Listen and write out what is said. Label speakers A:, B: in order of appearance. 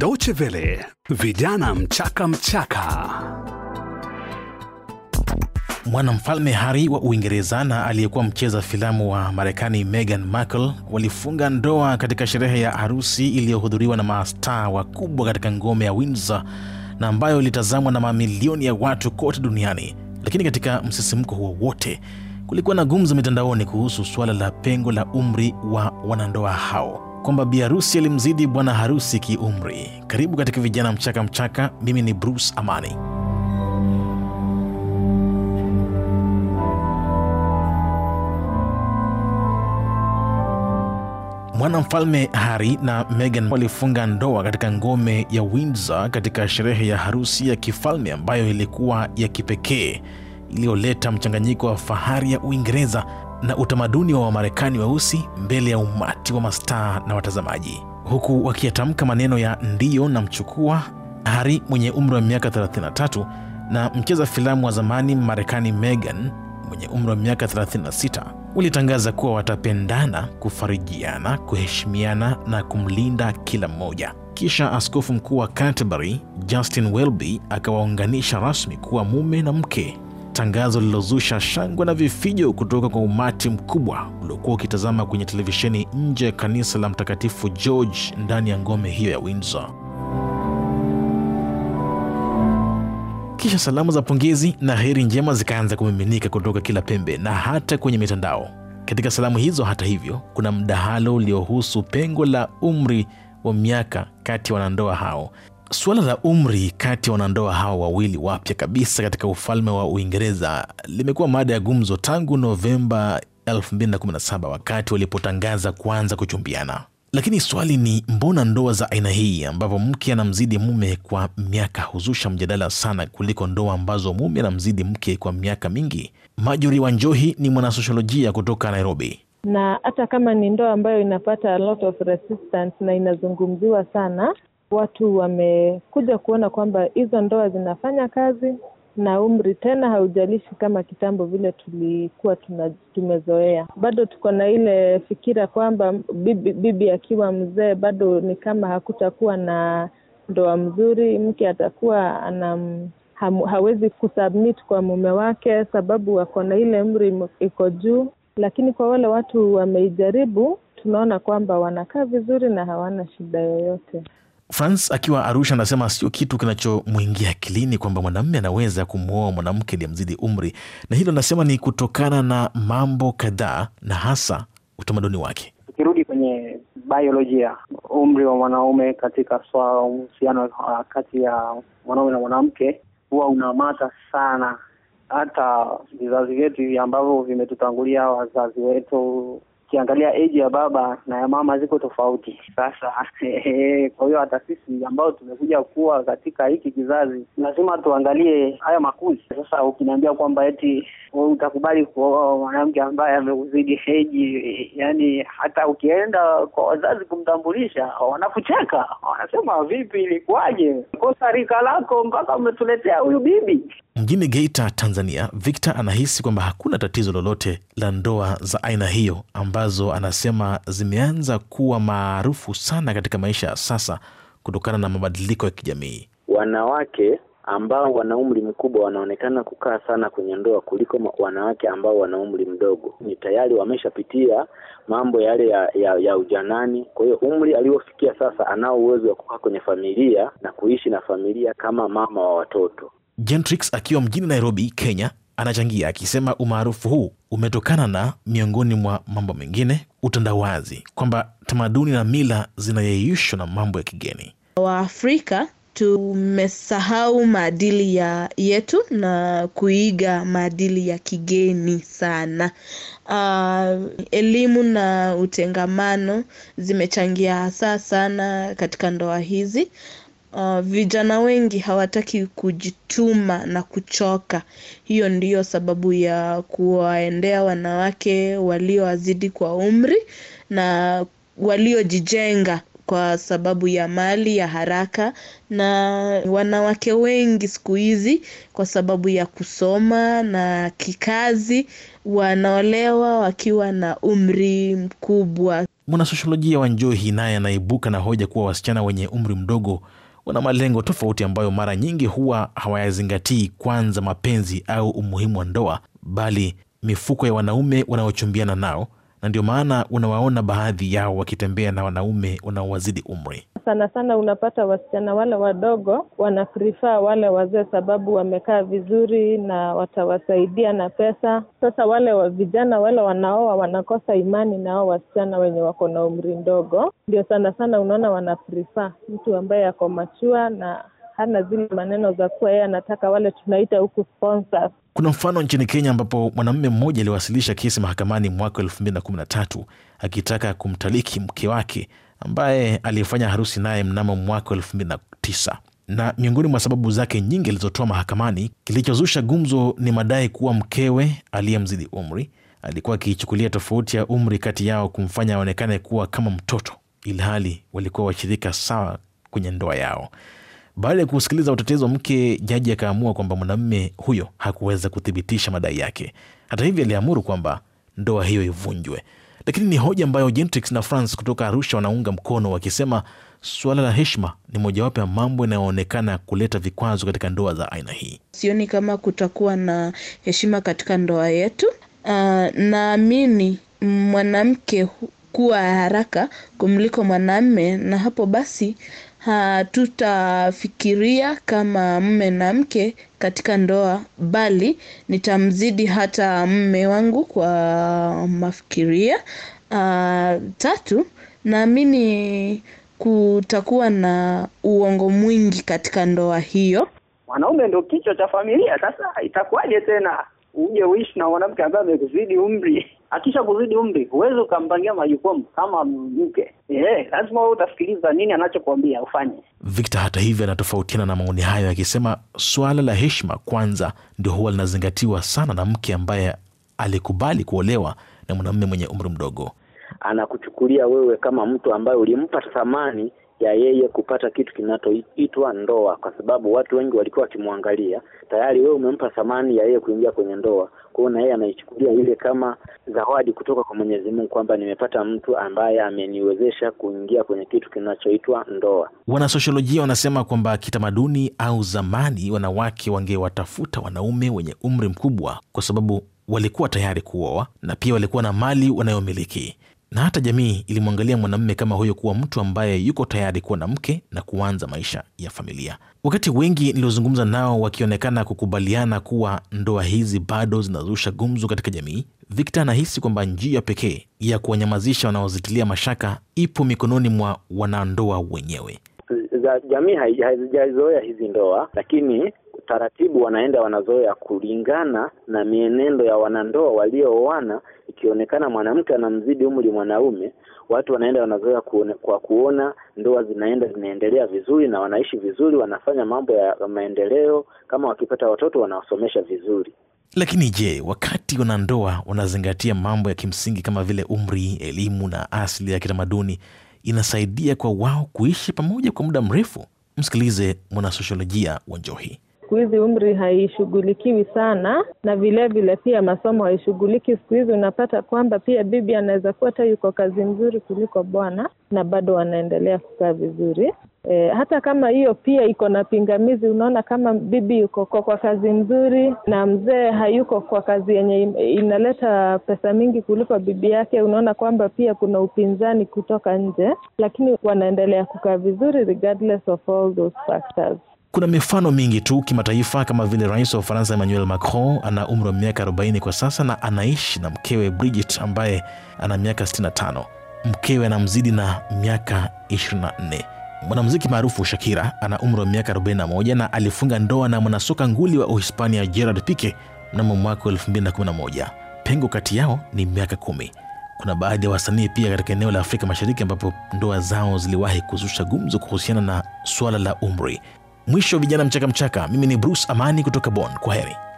A: Deutsche Welle, vijana mchaka mchaka. Mwanamfalme Harry wa Uingereza na aliyekuwa mcheza filamu wa Marekani Meghan Markle walifunga ndoa katika sherehe ya harusi iliyohudhuriwa na mastaa wakubwa katika ngome ya Windsor na ambayo ilitazamwa na mamilioni ya watu kote duniani. Lakini katika msisimko huo wote, kulikuwa na gumzo mitandaoni kuhusu suala la pengo la umri wa wanandoa hao kwamba bi harusi alimzidi bwana harusi kiumri. Karibu katika Vijana Mchaka Mchaka, mimi ni Bruce Amani. Mwanamfalme hari na megan walifunga ndoa katika ngome ya Windsor katika sherehe ya harusi ya kifalme ambayo ilikuwa ya kipekee iliyoleta mchanganyiko wa fahari ya Uingereza na utamaduni wa Wamarekani weusi wa mbele ya umati wa mastaa na watazamaji, huku wakiyatamka maneno ya ndiyo mchukua hari mwenye umri wa miaka 33 na mcheza filamu wa zamani Marekani Megan mwenye umri wa miaka 36 walitangaza kuwa watapendana, kufarijiana, kuheshimiana na kumlinda kila mmoja. Kisha askofu mkuu wa Canterbury Justin Welby akawaunganisha rasmi kuwa mume na mke tangazo lilozusha shangwe na vifijo kutoka kwa umati mkubwa uliokuwa ukitazama kwenye televisheni nje ya kanisa la Mtakatifu George ndani ya ngome hiyo ya Windsor. Kisha salamu za pongezi na heri njema zikaanza kumiminika kutoka kila pembe na hata kwenye mitandao. Katika salamu hizo, hata hivyo, kuna mdahalo uliohusu pengo la umri wa miaka kati ya wanandoa hao Suala la umri kati ya wanandoa hawa wawili wapya kabisa katika ufalme wa Uingereza limekuwa mada ya gumzo tangu Novemba 217 wakati walipotangaza kuanza kuchumbiana. Lakini swali ni mbona ndoa za aina hii ambapo mke anamzidi mume kwa miaka huzusha mjadala sana kuliko ndoa ambazo mume anamzidi mke kwa miaka mingi? wa njohi ni mwanasosiolojia kutoka Nairobi.
B: Na hata kama ni ndoa ambayo inapata lot of resistance na inazungumziwa sana, watu wamekuja kuona kwamba hizo ndoa zinafanya kazi na umri tena haujalishi kama kitambo vile tulikuwa tumezoea. Bado tuko na ile fikira kwamba bibi, bibi akiwa mzee bado ni kama hakutakuwa na ndoa mzuri, mke atakuwa ana hawezi kusubmit kwa mume wake sababu ako na ile umri iko juu, lakini kwa wale watu wameijaribu, tunaona kwamba wanakaa vizuri na hawana
C: shida yoyote.
A: France akiwa Arusha anasema sio kitu kinachomwingia akilini kwamba mwanamume anaweza kumwoa mwanamke aliyemzidi umri, na hilo anasema ni kutokana na mambo kadhaa na hasa utamaduni wake.
C: Tukirudi kwenye biolojia, umri wa mwanaume katika swala uhusiano kati ya mwanaume na mwanamke huwa unamata sana, hata vizazi vyetu hivi ambavyo vimetutangulia wazazi wetu ukiangalia eji ya baba na ya mama ziko tofauti. Sasa kwa hiyo hata sisi ambao tumekuja kuwa katika hiki kizazi lazima tuangalie haya makuzi. Sasa ukiniambia kwamba eti utakubali kuoa mwanamke ambaye amekuzidi eji, yani hata ukienda kwa wazazi kumtambulisha wanakucheka, wanasema vipi, ilikuwaje? Kosa rika lako mpaka umetuletea huyu
A: bibi. Mjini Geita, Tanzania, Victor anahisi kwamba hakuna tatizo lolote la ndoa za aina hiyo amba ambazo anasema zimeanza kuwa maarufu sana katika maisha ya sasa kutokana na mabadiliko ya kijamii.
C: Wanawake ambao wana umri mkubwa wanaonekana kukaa sana kwenye ndoa kuliko wanawake ambao wana umri mdogo. Ni tayari wameshapitia mambo yale ya, ya, ya ujanani. Kwa hiyo umri aliofikia sasa, anao uwezo wa kukaa kwenye familia na kuishi na familia kama mama wa watoto.
A: Gentrix akiwa mjini Nairobi, Kenya anachangia akisema umaarufu huu umetokana na, miongoni mwa mambo mengine, utandawazi, kwamba tamaduni na mila zinayeyushwa na mambo ya kigeni.
D: Waafrika tumesahau maadili ya yetu na kuiga maadili ya kigeni sana. Uh, elimu na utengamano zimechangia hasa sana katika ndoa hizi uh, vijana wengi hawataki kujituma na kuchoka hiyo ndiyo sababu ya kuwaendea wanawake waliowazidi kwa umri na waliojijenga kwa sababu ya mali ya haraka na wanawake wengi siku hizi kwa sababu ya kusoma na kikazi wanaolewa wakiwa na umri mkubwa.
A: mwanasosholojia wa Njohi naye anaibuka na hoja kuwa wasichana wenye umri mdogo wana malengo tofauti ambayo mara nyingi huwa hawayazingatii kwanza mapenzi au umuhimu wa ndoa, bali mifuko ya wanaume wanaochumbiana nao, na ndio maana unawaona baadhi yao wakitembea na wanaume wanaowazidi umri
B: sana sana unapata wasichana wale wadogo prefer wale wazee, sababu wamekaa vizuri na watawasaidia na pesa. Sasa wale wa vijana wale wanaoa wanakosa imani na hao wasichana wenye wako na umri ndogo, ndio sana sana unaona prefer mtu ambaye ako machua na hana zile maneno za kuwa yeye anataka wale tunaita huku sponsors.
A: Kuna mfano nchini Kenya ambapo mwanamume mmoja aliwasilisha kesi mahakamani mwaka elfu mbili na kumi na tatu akitaka kumtaliki mke wake ambaye alifanya harusi naye mnamo mwaka 2009 na miongoni mwa sababu zake nyingi alizotoa mahakamani, kilichozusha gumzo ni madai kuwa mkewe aliyemzidi umri alikuwa akiichukulia tofauti ya umri kati yao kumfanya aonekane kuwa kama mtoto, ilhali walikuwa washirika sawa kwenye ndoa yao. Baada ya kusikiliza utetezi wa mke, jaji akaamua kwamba mwanamme huyo hakuweza kuthibitisha madai yake. Hata hivyo, aliamuru kwamba ndoa hiyo ivunjwe lakini ni hoja ambayo Gentrix na France kutoka Arusha wanaunga mkono wakisema suala la heshima ni mojawapo ya mambo yanayoonekana kuleta vikwazo katika ndoa za aina hii.
D: Sioni kama kutakuwa na heshima katika ndoa yetu. Uh, naamini mwanamke kuwa haraka kumliko mwanamme na hapo basi hatutafikiria kama mme na mke katika ndoa bali nitamzidi hata mme wangu kwa mafikiria. Tatu naamini kutakuwa na uongo mwingi katika ndoa hiyo. Mwanaume ndio kichwa
C: cha familia sasa itakuwaje tena uje uishi na mwanamke ambaye amekuzidi umri? akisha kuzidi umri huwezi ukampangia majukumu kama mke eh, lazima wewe utasikiliza nini anachokuambia ufanye.
A: Victor hata hivyo anatofautiana na maoni hayo, akisema suala la heshima kwanza ndio huwa linazingatiwa sana na mke ambaye alikubali kuolewa na mwanamume mwenye umri
C: mdogo. Anakuchukulia wewe kama mtu ambaye ulimpa thamani ya yeye kupata kitu kinachoitwa ndoa, kwa sababu watu wengi walikuwa wakimwangalia tayari. Wewe umempa thamani ya yeye kuingia kwenye ndoa, kwa hiyo na yeye anaichukulia ile kama zawadi kutoka kwa Mwenyezi Mungu kwamba nimepata mtu ambaye ameniwezesha kuingia kwenye kitu kinachoitwa ndoa.
A: Wanasosiolojia wanasema kwamba kitamaduni au zamani, wanawake wangewatafuta wanaume wenye umri mkubwa, kwa sababu walikuwa tayari kuoa na pia walikuwa na mali wanayomiliki na hata jamii ilimwangalia mwanamme kama huyo kuwa mtu ambaye yuko tayari kuwa na mke na kuanza maisha ya familia. Wakati wengi niliozungumza nao wakionekana kukubaliana kuwa ndoa hizi bado zinazusha gumzu katika jamii, vikta anahisi kwamba njia pekee ya kuwanyamazisha wanaozitilia mashaka ipo mikononi mwa wanandoa wenyewe.
C: Jamii haijazoea hizi ndoa, lakini taratibu wanaenda wanazoea kulingana na mienendo ya wanandoa waliooana. Ikionekana mwanamke anamzidi umri mwanaume, watu wanaenda wanazoea kuone, kwa kuona ndoa zinaenda zinaendelea vizuri na wanaishi vizuri, wanafanya mambo ya maendeleo, kama wakipata watoto wanawasomesha vizuri.
A: Lakini je, wakati wanandoa wanazingatia mambo ya kimsingi kama vile umri, elimu na asili ya kitamaduni, inasaidia kwa wao kuishi pamoja kwa muda mrefu? Msikilize mwanasosiolojia wa Njohi
B: siku hizi umri haishughulikiwi sana, na vilevile vile pia masomo haishughuliki siku hizi. Unapata kwamba pia bibi anaweza kuwa hata yuko kazi mzuri kuliko bwana na bado wanaendelea kukaa vizuri. E, hata kama hiyo pia iko na pingamizi. Unaona, kama bibi yuko kwa kazi nzuri na mzee hayuko kwa kazi yenye inaleta pesa mingi kuliko bibi yake, unaona kwamba pia kuna upinzani kutoka nje, lakini wanaendelea kukaa vizuri regardless of all those factors.
A: Kuna mifano mingi tu kimataifa kama vile rais wa Ufaransa Emmanuel Macron ana umri wa miaka 40 kwa sasa na anaishi na mkewe Brigitte ambaye ana miaka 65. Mkewe anamzidi na miaka 24. Mwanamuziki maarufu Shakira ana umri wa miaka 41 na alifunga ndoa na mwanasoka nguli wa Uhispania Gerard Pique mnamo mwaka 2011. Pengo kati yao ni miaka kumi. Kuna baadhi ya wasanii pia katika eneo la Afrika Mashariki ambapo ndoa zao ziliwahi kuzusha gumzo kuhusiana na suala la umri. Mwisho vijana mchaka mchaka, mimi ni Bruce Amani kutoka bon Kwa heri.